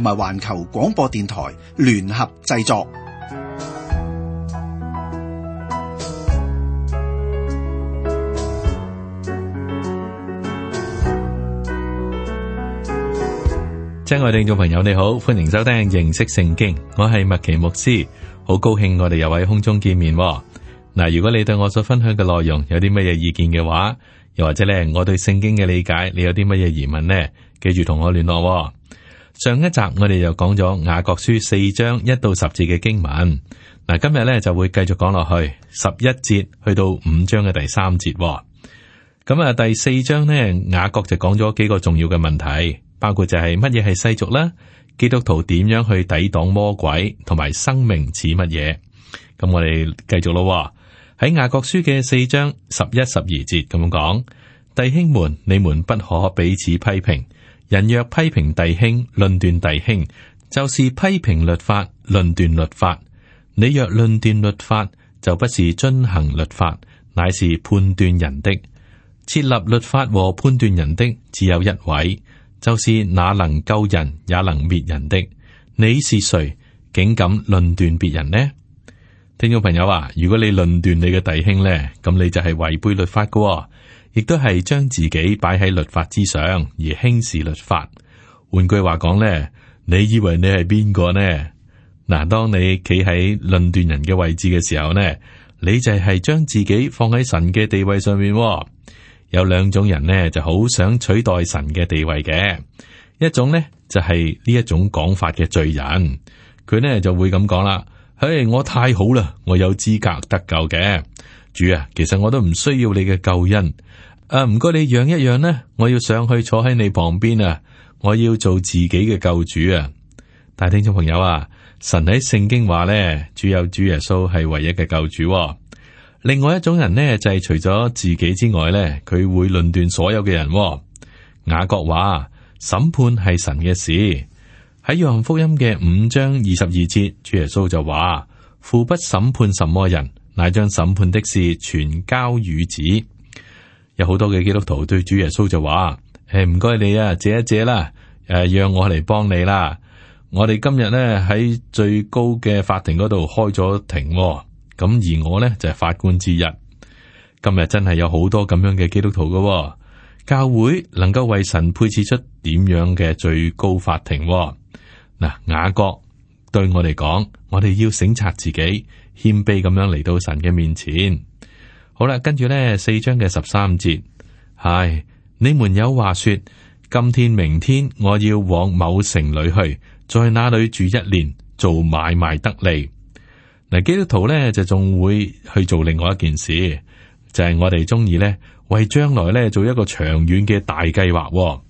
同埋環球廣播電台聯合製作。親愛的聽眾朋友，你好，歡迎收聽認識聖經。我係麥奇牧師，好高興我哋又喺空中見面。嗱，如果你對我所分享嘅內容有啲乜嘢意見嘅話，又或者咧我對聖經嘅理解，你有啲乜嘢疑問呢？記住同我聯絡。上一集我哋就講咗雅各書四章一到十節嘅經文，嗱，今日咧就會繼續講落去十一節去到五章嘅第三節，咁啊第四章呢，雅各就講咗幾個重要嘅問題，包括就係乜嘢係世俗啦，基督徒點樣去抵擋魔鬼，同埋生命似乜嘢，咁我哋繼續咯，喺雅各書嘅四章十一十二節咁樣講，弟兄們，你們不可彼此批評。人若批評弟兄、論斷弟兄，就是批評律法、論斷律法。你若論斷律法，就不是遵行律法，乃是判斷人的。設立律法和判斷人的，只有一位，就是那能救人也能滅人的。你是誰，竟敢論斷別人呢？聽眾朋友啊，如果你論斷你嘅弟兄呢，咁你就係違背律法㗎。亦都係將自己擺喺律法之上，而輕視律法。換句話講呢，你以為你係邊個呢？嗱，當你企喺論斷人嘅位置嘅時候呢，你就係將自己放喺神嘅地位上面。有兩種人呢就好想取代神嘅地位嘅，一種呢就係呢一種講法嘅罪人，佢呢就會咁講啦：，嘿，我太好啦，我有資格得救嘅。主啊，其實我都唔需要你嘅救恩，啊，唔該你讓一讓咧，我要上去坐喺你旁邊啊，我要做自己嘅救主啊！但係聽眾朋友啊，神喺聖經話咧，主有主耶穌係唯一嘅救主、啊。另外一種人咧就係除咗自己之外咧，佢會論斷所有嘅人、啊。雅各話審判係神嘅事，喺約翰福音嘅五章二十二節，主耶穌就話父不審判什麼人。乃將審判的事全交與子，有好多嘅基督徒對主耶穌就話：，誒、哎，唔該你啊，借一借啦，誒，讓我嚟幫你啦。我哋今日咧喺最高嘅法庭嗰度開咗庭、哦，咁而我咧就係、是、法官之一。今日真係有好多咁樣嘅基督徒噶、哦，教會能夠為神配置出點樣嘅最高法庭、哦。嗱，雅各對我哋講，我哋要省察自己。謙卑咁樣嚟到神嘅面前。好啦，跟住呢四章嘅十三節係，你們有話說。今天、明天，我要往某城裏去，在那裏住一年，做買賣得利。嗱，基督徒呢就仲會去做另外一件事，就係、是、我哋中意呢為將來呢做一個長遠嘅大計劃。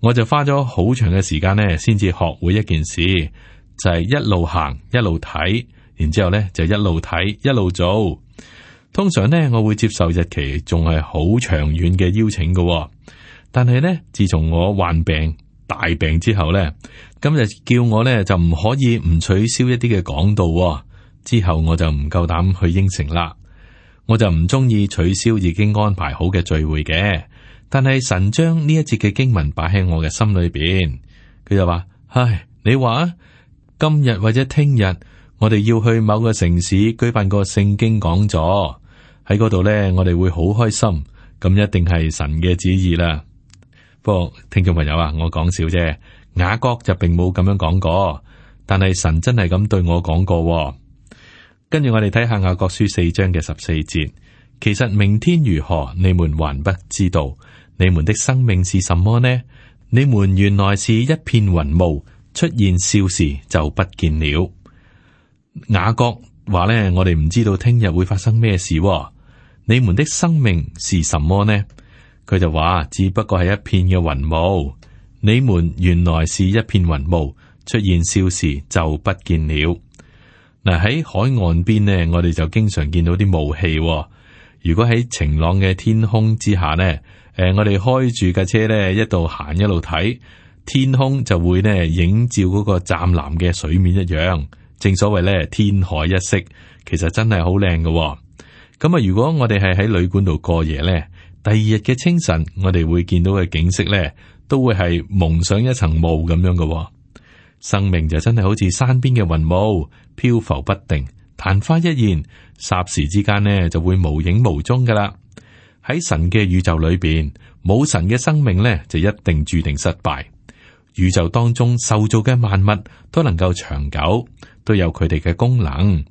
我就花咗好長嘅時間呢先至學會一件事，就係、是、一路行一路睇。然之後呢，就一路睇一路做。通常呢，我會接受日期仲係好長遠嘅邀請嘅喎。但係呢，自從我患病大病之後呢，今日叫我呢，就唔可以唔取消一啲嘅講道喎。之後我就唔夠膽去應承啦。我就唔中意取消已經安排好嘅聚會嘅。但係神將呢一節嘅經文擺喺我嘅心裏邊，佢就話：唉，你話今日或者聽日。我哋要去某個城市舉辦個聖經講座，喺嗰度呢，我哋會好開心咁，一定係神嘅旨意啦。不過，聽眾朋友啊，我講笑啫。雅各就並冇咁樣講過，但係神真係咁對我講過，哦。跟住我哋睇下《雅各書》四章嘅十四節，其實明天如何，你們還不知道。你們的生命是什麼呢？你們原來是一片雲霧，出現少時就不見了。雅各話咧，我哋唔知道聽日會發生咩事。你們的生命是什麼呢？佢就話只不過係一片嘅雲霧。你們原來是一片雲霧，出現少時就不見了。嗱，喺海岸邊呢，我哋就經常見到啲霧氣。如果喺晴朗嘅天空之下呢，誒，我哋開住架車呢，一路行一路睇天空，就會呢，映照嗰個湛藍嘅水面一樣。正所謂咧，天海一色，其實真係好靚噶。咁啊，如果我哋係喺旅館度過夜咧，第二日嘅清晨，我哋會見到嘅景色咧，都會係蒙上一層霧咁樣噶。生命就真係好似山邊嘅雲霧，漂浮不定，曇花一現，霎時之間呢，就會無影無蹤噶啦。喺神嘅宇宙裏邊，冇神嘅生命咧就一定注定失敗。宇宙當中受造嘅萬物都能夠長久，都有佢哋嘅功能。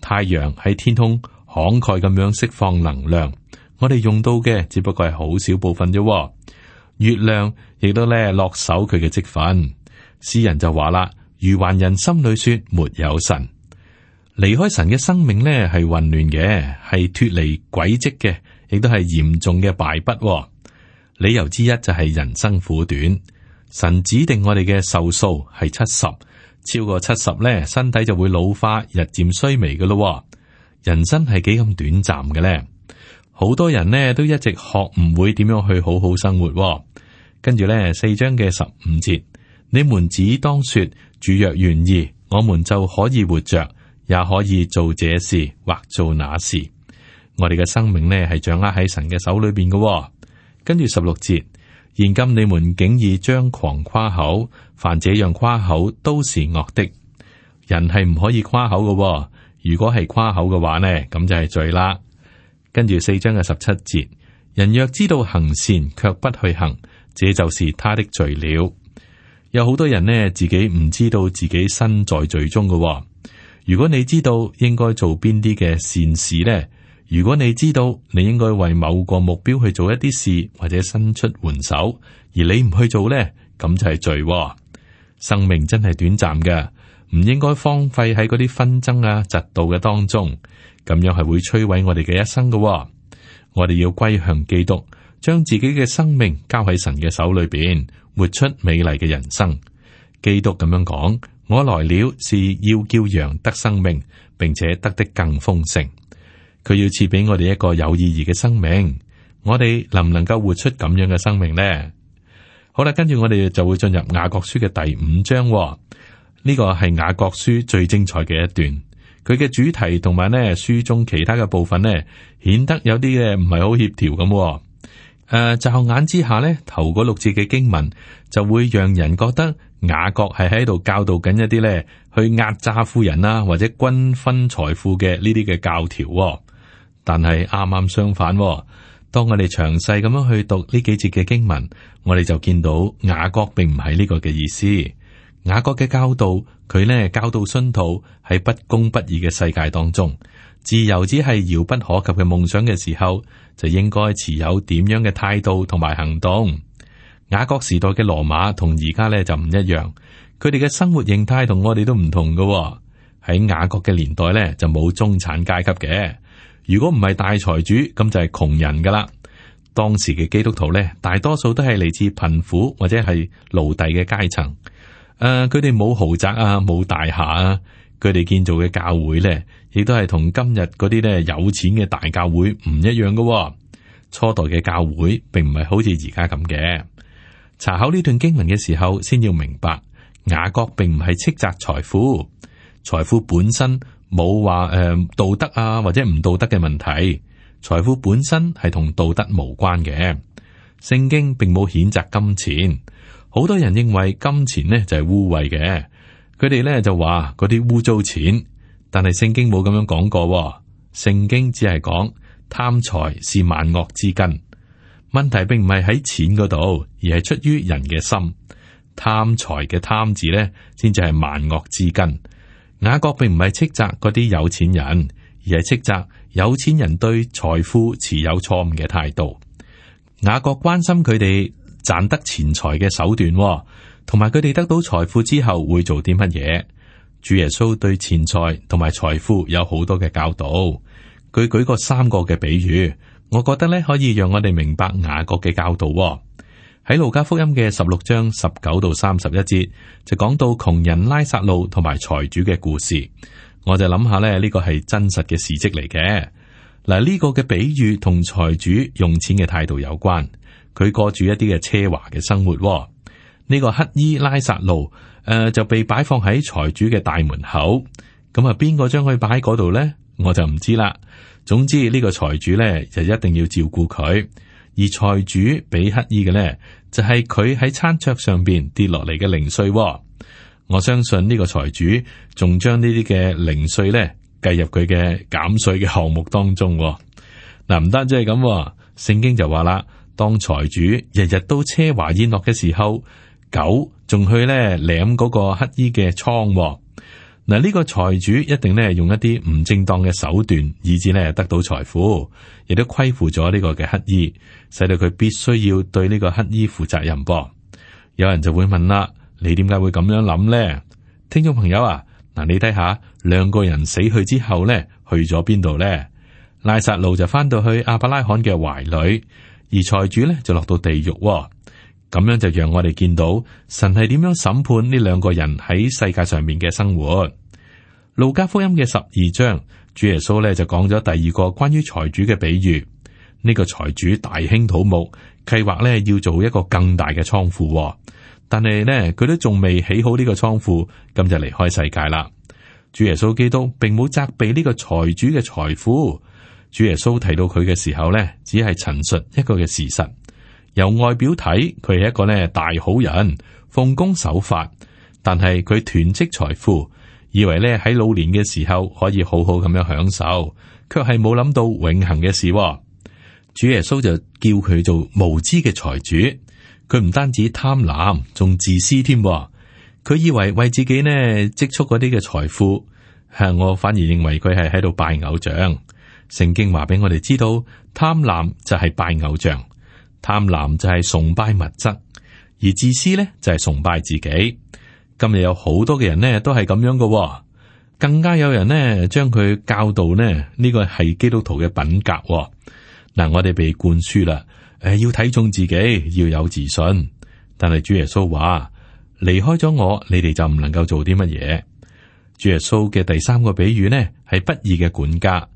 太陽喺天空慷慨咁樣釋放能量，我哋用到嘅只不過係好少部分啫。月亮亦都咧落手佢嘅積份，詩人就話啦：愚頑人心裏說沒有神，離開神嘅生命咧係混亂嘅，係脫離軌跡嘅，亦都係嚴重嘅敗筆。理由之一就係人生苦短，神指定我哋嘅壽數係七十。超過七十咧，身體就會老化，日漸衰微㗎咯。人生係幾咁短暫嘅咧？好多人呢，都一直學唔會點樣去好好生活。跟住咧，四章嘅十五節，你們只當說主若願意，我們就可以活着，也可以做這事或做那事。我哋嘅生命咧，係掌握喺神嘅手裏邊嘅。跟住十六節。現今你們竟以張狂誇口，凡這樣誇口都是惡的。人係唔可以誇口㗎喎，如果係誇口嘅話呢，咁就係罪啦。跟住四章嘅十七節，人若知道行善卻不去行，這就是他的罪了。有好多人呢，自己唔知道自己身在罪中㗎喎。如果你知道應該做邊啲嘅善事呢？如果你知道你應該為某個目標去做一啲事，或者伸出援手，而你唔去做咧，咁就係罪喎。生命真係短暫嘅，唔應該荒廢喺嗰啲紛爭啊、嫉妒嘅當中，咁樣係會摧毀我哋嘅一生嘅喎。我哋要歸向基督，將自己嘅生命交喺神嘅手裏邊，活出美麗嘅人生。基督咁樣講：我來了是要叫羊得生命，並且得的更豐盛。佢要賜俾我哋一個有意義嘅生命，我哋能唔能夠活出咁樣嘅生命呢？好啦，跟住我哋就會進入雅各書嘅第五章，哦。呢、這個係雅各書最精彩嘅一段。佢嘅主題同埋呢書中其他嘅部分呢，顯得有啲嘅唔係好協調咁，哦。誒、呃，驟眼之下呢，頭嗰六節嘅經文就會讓人覺得雅各係喺度教導緊一啲呢去壓榨富人啦，啊，或者均分財富嘅呢啲嘅教條，哦。但係啱啱相反，哦，當我哋詳細咁樣去讀呢幾節嘅經文，我哋就見到雅各並唔係呢個嘅意思。雅各嘅教導，佢呢教導信徒喺不公不義嘅世界當中，自由只係遙不可及嘅夢想嘅時候，就應該持有點樣嘅態度同埋行動。雅各時代嘅羅馬同而家呢就唔一樣，佢哋嘅生活形態同我哋都唔同嘅。喺雅各嘅年代呢，就冇中產階級嘅，如果唔係大財主，咁就係窮人噶啦。當時嘅基督徒咧，大多數都係嚟自貧苦或者係奴隸嘅階層。誒、呃，佢哋冇豪宅啊，冇大廈啊，佢哋建造嘅教會咧，亦都係同今日嗰啲咧有錢嘅大教會唔一樣噶、哦。初代嘅教會並唔係好似而家咁嘅。查考呢段經文嘅時候，先要明白雅各並唔係斥責財富，財富本身。冇話誒道德啊或者唔道德嘅問題，財富本身係同道德無關嘅。聖經並冇譴責金錢，好多人認為金錢呢就係污穢嘅，佢哋咧就話嗰啲污糟錢，但係聖經冇咁樣講過。聖經只係講貪財是萬惡之根。問題並唔係喺錢嗰度，而係出於人嘅心。貪財嘅貪字咧，先至係萬惡之根。雅各並唔係斥責嗰啲有錢人，而係斥責有錢人對財富持有錯誤嘅態度。雅各關心佢哋賺得錢財嘅手段，同埋佢哋得到財富之後會做啲乜嘢。主耶穌對錢財同埋財富有好多嘅教導，佢舉過三個嘅比喻，我覺得咧可以讓我哋明白雅各嘅教導。喺路加福音嘅十六章十九到三十一節就講到窮人拉撒路同埋財主嘅故事，我就諗下咧，呢個係真實嘅事蹟嚟嘅。嗱，呢個嘅比喻同財主用錢嘅態度有關，佢過住一啲嘅奢華嘅生活。呢、這個乞衣拉撒路誒、呃、就被擺放喺財主嘅大門口，咁啊邊個將佢擺喺嗰度呢？我就唔知啦。總之個財呢個財主咧就一定要照顧佢。而財主俾乞衣嘅咧，就係佢喺餐桌上邊跌落嚟嘅零碎、哦。我相信呢個財主仲將呢啲嘅零碎咧，計入佢嘅減稅嘅項目當中、哦。嗱、啊，唔得就係、是、咁、哦。聖經就話啦，當財主日日都奢華宴樂嘅時候，狗仲去咧舐嗰個乞衣嘅瘡、哦。嗱，呢個財主一定咧用一啲唔正當嘅手段，以致咧得到財富，亦都虧負咗呢個嘅乞衣，使到佢必須要對呢個乞衣負責任。噃，有人就會問啦，你點解會咁樣諗咧？聽眾朋友啊，嗱，你睇下兩個人死去之後咧，去咗邊度咧？拉撒路就翻到去亞伯拉罕嘅懷裏，而財主咧就落到地獄。咁樣就讓我哋見到神係點樣審判呢兩個人喺世界上面嘅生活。路加福音嘅十二章，主耶穌咧就講咗第二個關於財主嘅比喻。呢個財主大興土木，計劃咧要做一個更大嘅倉庫，但係呢，佢都仲未起好呢個倉庫，咁就離開世界啦。主耶穌基督並冇責備呢個財主嘅財富。主耶穌提到佢嘅時候呢，只係陳述一個嘅事實。由外表睇，佢係一個咧大好人，奉公守法。但係佢囤積財富，以為咧喺老年嘅時候可以好好咁樣享受，卻係冇諗到永恒嘅事。主耶穌就叫佢做無知嘅財主。佢唔單止貪婪，仲自私添。佢以為為自己咧積蓄嗰啲嘅財富，係我反而認為佢係喺度拜偶像。聖經話俾我哋知道，貪婪就係拜偶像。貪婪就係崇拜物質，而自私咧就係崇拜自己。今日有好多嘅人咧都係咁樣嘅、哦，更加有人咧將佢教導呢，呢、這個係基督徒嘅品格、哦。嗱，我哋被灌輸啦，誒，要睇重自己，要有自信。但係主耶穌話，離開咗我，你哋就唔能夠做啲乜嘢。主耶穌嘅第三個比喻呢，係不義嘅管家，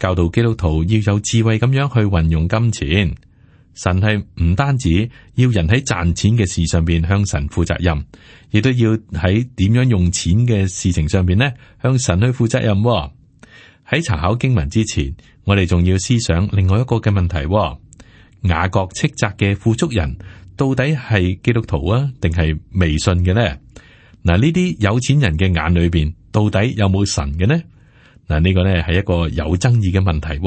教導基督徒要有智慧咁樣去運用金錢。神係唔單止要人喺賺錢嘅事上邊向神負責任，亦都要喺點樣用錢嘅事情上邊呢，向神去負責任。喺查考經文之前，我哋仲要思想另外一個嘅問題：雅各斥責嘅富足人到底係基督徒啊，定係未信嘅呢？嗱，呢啲有錢人嘅眼裏邊到底有冇神嘅呢？嗱，呢個呢係一個有爭議嘅問題。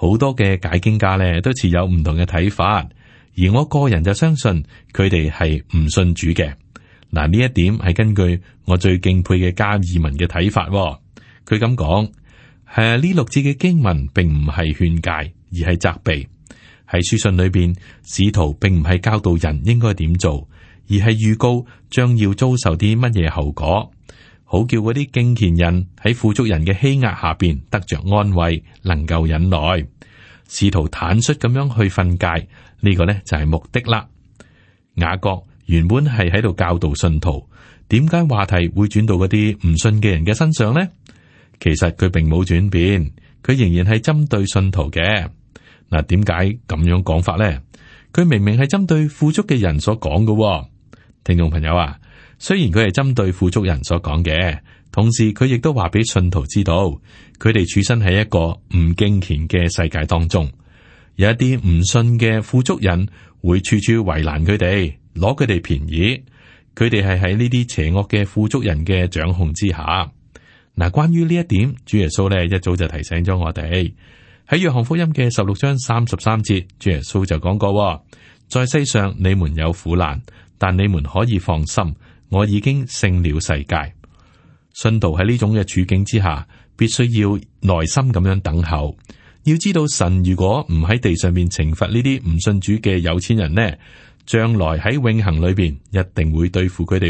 好多嘅解經家咧都持有唔同嘅睇法，而我個人就相信佢哋係唔信主嘅。嗱，呢一點係根據我最敬佩嘅加爾文嘅睇法。佢咁講，係呢六字嘅經文並唔係勸誡，而係責備。喺書信裏邊，使徒並唔係教導人應該點做，而係預告將要遭受啲乜嘢後果。好叫嗰啲敬虔人喺富足人嘅欺壓下邊得着安慰，能夠忍耐，試圖坦率咁樣去訓誡，呢個咧就係目的啦。雅各原本係喺度教導信徒，點解話題會轉到嗰啲唔信嘅人嘅身上咧？其實佢並冇轉變，佢仍然係針對信徒嘅。嗱，點解咁樣講法咧？佢明明係針對富足嘅人所講嘅，聽眾朋友啊。雖然佢係針對富足人所講嘅，同時佢亦都話俾信徒知道，佢哋處身喺一個唔敬虔嘅世界當中，有一啲唔信嘅富足人會處處為難佢哋，攞佢哋便宜。佢哋係喺呢啲邪惡嘅富足人嘅掌控之下。嗱，關於呢一點，主耶穌呢一早就提醒咗我哋。喺約翰福音嘅十六章三十三節，主耶穌就講過：「在世上你們有苦難，但你們可以放心。」我已經勝了世界。信徒喺呢種嘅處境之下，必須要耐心咁樣等候。要知道神如果唔喺地上面懲罰呢啲唔信主嘅有錢人呢，將來喺永恒裏邊一定會對付佢哋。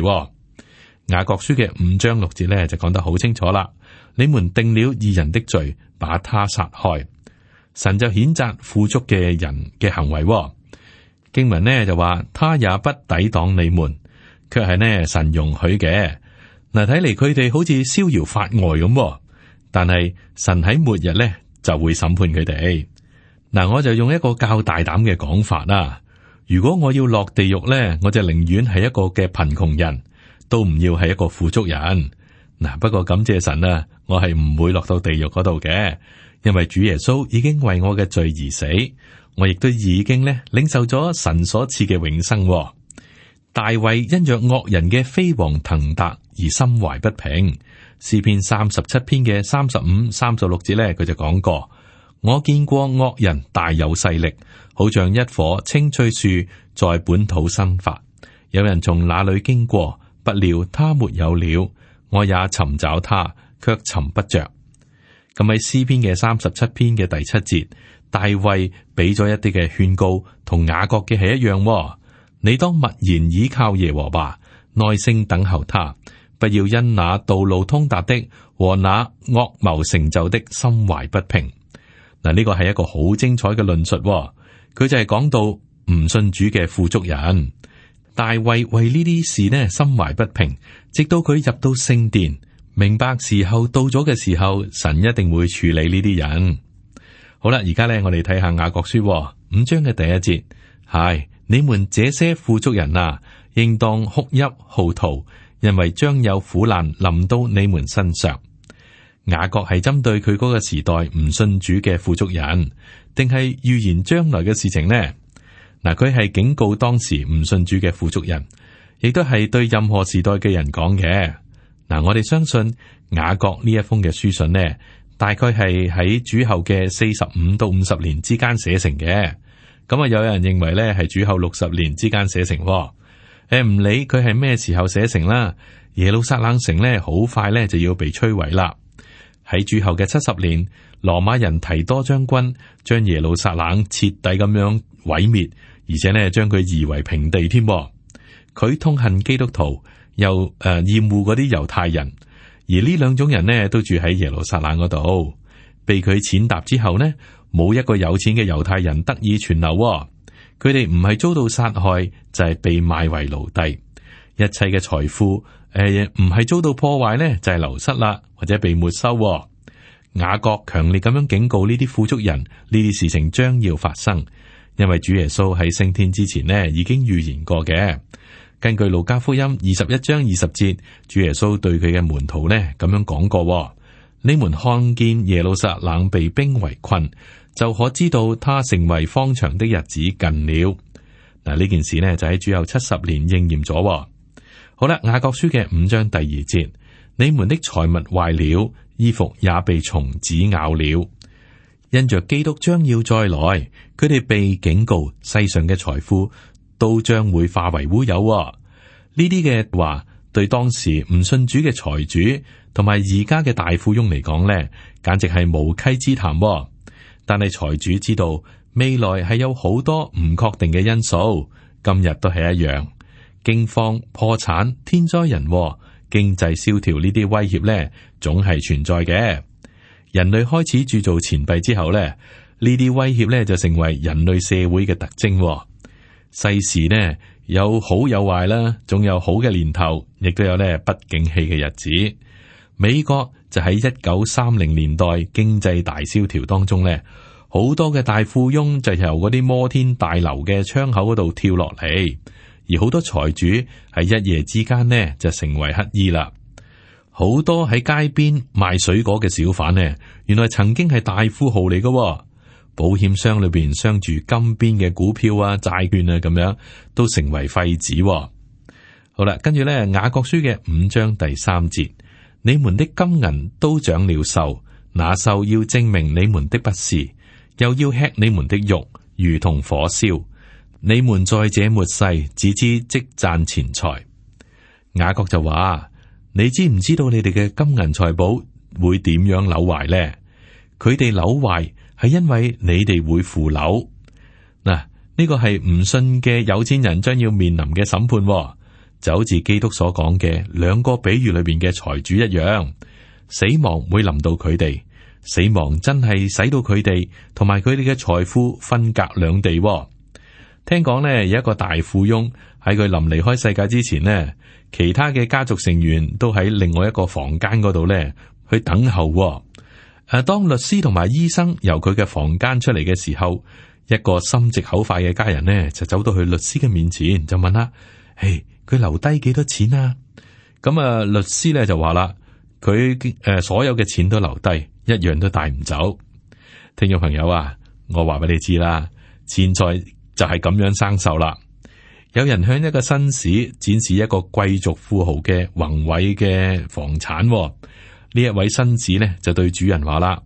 雅各書嘅五章六節呢就講得好清楚啦。你們定了義人的罪，把他殺害。神就譴責富足嘅人嘅行為。經文呢就話，他也不抵擋你們。卻係呢，神容許嘅。嗱，睇嚟佢哋好似逍遙法外咁，但係神喺末日咧就會審判佢哋。嗱，我就用一個較大膽嘅講法啦。如果我要落地獄咧，我就寧願係一個嘅貧窮人都唔要係一個富足人。嗱，不過感謝神啊，我係唔會落到地獄嗰度嘅，因為主耶穌已經為我嘅罪而死，我亦都已經咧領受咗神所賜嘅永生。大衛因着惡人嘅飛黃騰達而心懷不平，詩篇三十七篇嘅三十五、三十六節咧，佢就講過：我見過惡人大有勢力，好像一棵青翠樹在本土生發，有人從那裏經過，不料他沒有了，我也尋找他，卻尋不着。咁喺詩篇嘅三十七篇嘅第七節，大衛俾咗一啲嘅勸告，同雅各嘅係一樣，哦。你當默然倚靠耶和華，耐性等候他，不要因那道路通達的和那惡謀成就的心懷不平。嗱，呢個係一個好精彩嘅論述。佢就係講到唔信主嘅富足人，大衛為呢啲事呢心懷不平，直到佢入到聖殿，明白時候到咗嘅時候，神一定會處理呢啲人。好啦，而家咧我哋睇下雅各書五章嘅第一節係。你們這些富足人啊，應當哭泣嚎啕，因為將有苦難臨到你們身上。雅各係針對佢嗰個時代唔信主嘅富足人，定係預言將來嘅事情呢？嗱，佢係警告當時唔信主嘅富足人，亦都係對任何時代嘅人講嘅。嗱，我哋相信雅各呢一封嘅書信呢，大概係喺主後嘅四十五到五十年之間寫成嘅。咁啊！有人認為咧係主後六十年之間寫成，誒唔理佢係咩時候寫成啦，耶路撒冷城咧好快咧就要被摧毀啦。喺主後嘅七十年，羅馬人提多將軍將耶路撒冷徹底咁樣毀滅，而且呢將佢夷為平地添。佢痛恨基督徒，又誒、呃、厭惡嗰啲猶太人，而呢兩種人呢，都住喺耶路撒冷嗰度，被佢踐踏之後呢。冇一個有錢嘅猶太人得以存留、哦，佢哋唔係遭到殺害，就係、是、被賣為奴隸。一切嘅財富，誒、呃，唔係遭到破壞呢就係、是、流失啦，或者被沒收、哦。雅各強烈咁樣警告呢啲富足人，呢啲事情將要發生，因為主耶穌喺升天之前呢已經預言過嘅。根據路加福音二十一章二十節，主耶穌對佢嘅門徒呢咁樣講過：「你們看見耶路撒冷被兵圍困。就可知道，他成為方長的日子近了。嗱，呢件事呢就喺主後七十年應驗咗。好啦，雅各書嘅五章第二節，你們的財物壞了，衣服也被蟲子咬了。因着基督將要再來，佢哋被警告，世上嘅財富都將會化為烏有。呢啲嘅話對當時唔信主嘅財主同埋而家嘅大富翁嚟講呢，簡直係無稽之談。但係財主知道未來係有好多唔確定嘅因素，今日都係一樣，驚慌、破產、天災人禍、經濟蕭條呢啲威脅呢，總係存在嘅。人類開始鑄造錢幣之後呢，呢啲威脅呢，就成為人類社會嘅特徵。世事呢，有好有壞啦，總有好嘅年頭，亦都有呢不景氣嘅日子。美國。就喺一九三零年代經濟大蕭條當中咧，好多嘅大富翁就由嗰啲摩天大樓嘅窗口嗰度跳落嚟，而好多財主喺一夜之間呢，就成為乞衣啦。好多喺街邊賣水果嘅小販呢，原來曾經係大富豪嚟嘅，哦，保險箱裏邊鑲住金邊嘅股票啊、債券啊咁樣都成為廢紙，哦。好啦，跟住咧雅各書嘅五章第三節。你們的金銀都長了壽，那壽要證明你們的不是，又要吃你們的肉，如同火燒。你們在這末世只知積攢錢財。雅各就話：你知唔知道你哋嘅金銀財寶會點樣扭壞咧？佢哋扭壞係因為你哋會腐朽。嗱，呢個係唔信嘅有錢人將要面臨嘅審判。就好似基督所講嘅兩個比喻裏邊嘅財主一樣，死亡會臨到佢哋，死亡真係使到佢哋同埋佢哋嘅財富分隔兩地。聽講呢，有一個大富翁喺佢臨離開世界之前呢，其他嘅家族成員都喺另外一個房間嗰度呢去等候。誒，當律師同埋醫生由佢嘅房間出嚟嘅時候，一個心直口快嘅家人呢就走到去律師嘅面前，就問啦：，誒。佢留低幾多錢啊？咁啊，律師咧就話啦，佢誒、呃，所有嘅錢都留低，一樣都帶唔走。聽眾朋友啊，我話俾你知啦，錢財就係咁樣生鏽啦。有人向一個紳士展示一個貴族富豪嘅宏偉嘅房產，哦，呢一位紳士咧就對主人話啦：，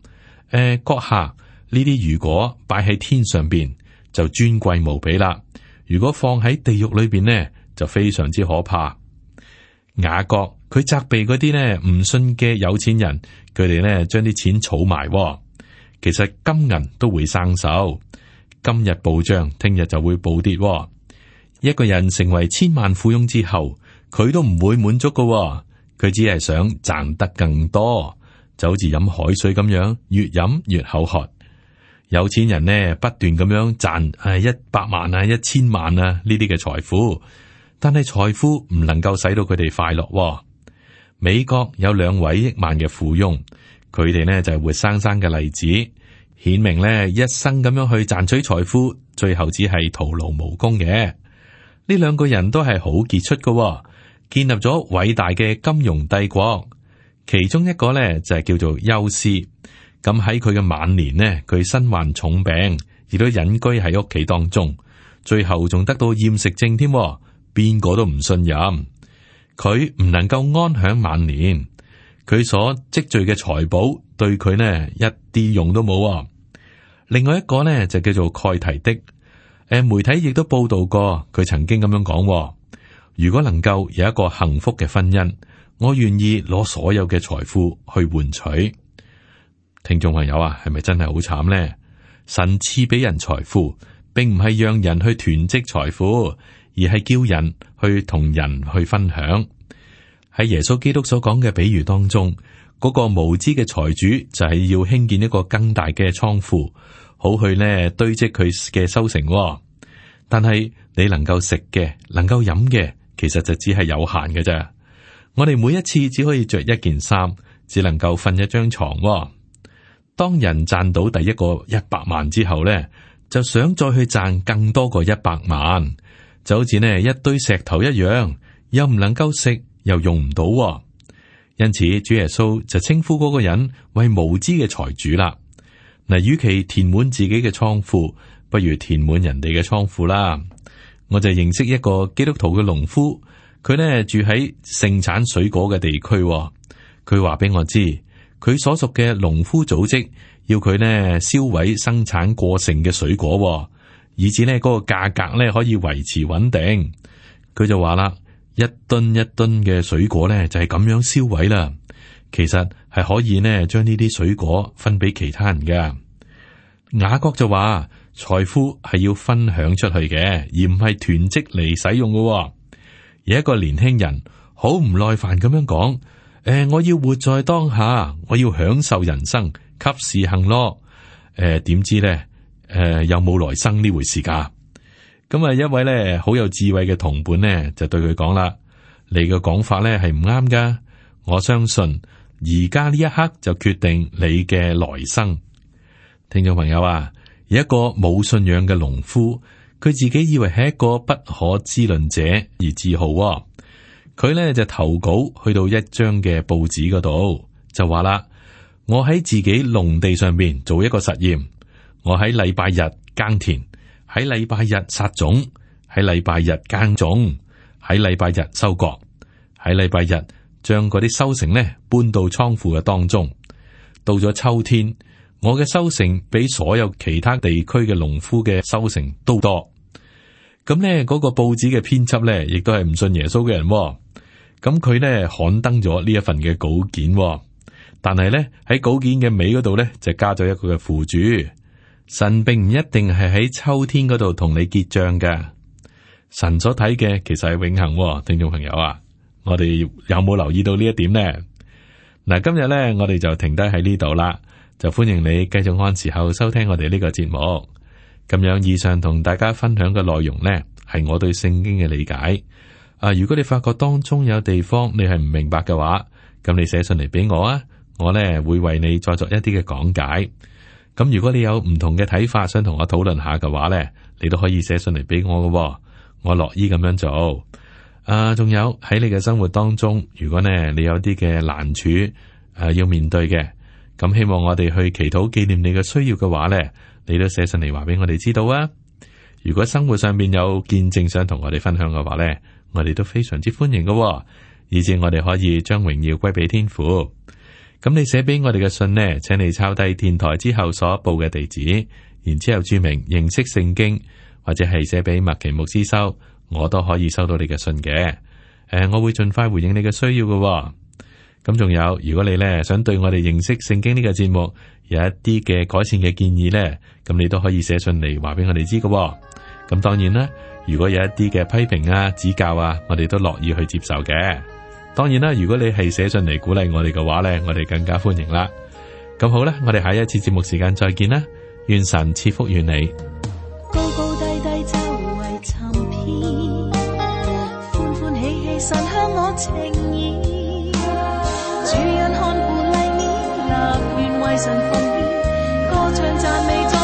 誒、呃，閣下呢啲如果擺喺天上邊就尊貴無比啦，如果放喺地獄裏邊咧。就非常之可怕。雅各佢責備嗰啲呢唔信嘅有錢人，佢哋呢將啲錢儲埋。其實金銀都會生手，今日暴漲，聽日就會暴跌。一個人成為千萬富翁之後，佢都唔會滿足㗎，佢只係想賺得更多，就好似飲海水咁樣，越飲越口渴。有錢人呢不斷咁樣賺誒一百萬啊一千萬啊呢啲嘅財富。但係財富唔能夠使到佢哋快樂喎。美國有兩位億萬嘅富翁，佢哋呢就係活生生嘅例子，顯明呢一生咁樣去賺取財富，最後只係徒勞無功嘅。呢兩個人都係好傑出嘅喎，建立咗偉大嘅金融帝國。其中一個呢就係叫做休斯。咁喺佢嘅晚年呢，佢身患重病，亦都隱居喺屋企當中，最後仲得到厭食症添。邊個都唔信任佢，唔能夠安享晚年。佢所積聚嘅財寶對佢呢，一啲用都冇。另外一個呢就叫做蓋提的，誒，媒體亦都報道過佢曾經咁樣講：「如果能夠有一個幸福嘅婚姻，我願意攞所有嘅財富去換取。」聽眾朋友啊，係咪真係好慘呢？神賜俾人財富，並唔係讓人去囤積財富。而係叫人去同人去分享。喺耶穌基督所講嘅比喻當中，嗰個無知嘅財主就係要興建一個更大嘅倉庫，好去呢堆積佢嘅收成喎。但係你能夠食嘅，能夠飲嘅，其實就只係有限嘅。咋我哋每一次只可以着一件衫，只能夠瞓一張床喎。當人賺到第一個一百萬之後呢，就想再去賺更多個一百萬。就好似呢一堆石頭一樣，又唔能夠食，又用唔到，因此主耶穌就稱呼嗰個人為無知嘅財主啦。嗱，與其填滿自己嘅倉庫，不如填滿人哋嘅倉庫啦。我就認識一個基督徒嘅農夫，佢呢住喺盛產水果嘅地區，佢話俾我知，佢所屬嘅農夫組織要佢呢銷毀生產過剩嘅水果。以至呢嗰個價格咧可以維持穩定，佢就話啦：一噸一噸嘅水果咧就係咁樣銷毀啦。其實係可以呢將呢啲水果分俾其他人噶。雅各就話：財富係要分享出去嘅，而唔係囤積嚟使用噶。有一個年輕人好唔耐煩咁樣講：誒、呃，我要活在當下，我要享受人生，及時行樂。誒、呃，點知咧？誒，呃、有冇來生呢回事噶？咁啊，一位咧好有智慧嘅同伴咧，就對佢講啦：你嘅講法咧係唔啱噶。我相信而家呢一刻就決定你嘅來生。聽眾朋友啊，一個冇信仰嘅農夫，佢自己以為係一個不可知論者而自豪、哦。佢咧就投稿去到一張嘅報紙嗰度，就話啦：我喺自己農地上邊做一個實驗。我喺禮拜日耕田，喺禮拜日撒種，喺禮拜日耕種，喺禮拜日收割，喺禮拜日將嗰啲收成咧搬到倉庫嘅當中。到咗秋天，我嘅收成比所有其他地區嘅農夫嘅收成都多。咁、嗯、咧，嗰、那個報紙嘅編輯咧，亦都係唔信耶穌嘅人、哦。咁佢咧刊登咗呢一份嘅稿件、哦，但係咧喺稿件嘅尾嗰度咧就加咗一個嘅附註。神並唔一定係喺秋天嗰度同你結賬嘅，神所睇嘅其實係永恒，聽眾朋友啊，我哋有冇留意到呢一點呢？嗱，今日呢，我哋就停低喺呢度啦，就歡迎你繼續按時候收聽我哋呢個節目。咁樣，以上同大家分享嘅內容呢，係我對聖經嘅理解。啊，如果你發覺當中有地方你係唔明白嘅話，咁你寫信嚟俾我啊，我呢會為你再作一啲嘅講解。咁如果你有唔同嘅睇法想，想同我討論下嘅話呢，你都可以寫信嚟俾我嘅，我樂意咁樣做。啊，仲有喺你嘅生活當中，如果呢你有啲嘅難處、啊、要面對嘅，咁希望我哋去祈禱紀念你嘅需要嘅話呢，你都寫信嚟話俾我哋知道啊。如果生活上面有見證想同我哋分享嘅話呢，我哋都非常之歡迎嘅，以至我哋可以將榮耀歸俾天父。咁你寫俾我哋嘅信呢，請你抄低電台之後所報嘅地址，然之後注明認識聖經，或者係寫俾麥奇牧師收，我都可以收到你嘅信嘅。誒、呃，我會盡快回應你嘅需要嘅、哦。咁仲有，如果你呢想對我哋認識聖經呢、這個節目有一啲嘅改善嘅建議呢，咁你都可以寫信嚟話俾我哋知嘅。咁當然啦，如果有一啲嘅批評啊、指教啊，我哋都樂意去接受嘅。當然啦，如果你係寫信嚟鼓勵我哋嘅話呢，我哋更加歡迎啦。咁好啦，我哋下一次節目時間再見啦，願神賜福與你。高高低低周圍尋遍，歡歡喜喜神向我呈現，主人看護麗女，立願為神奉獻，歌唱讚美。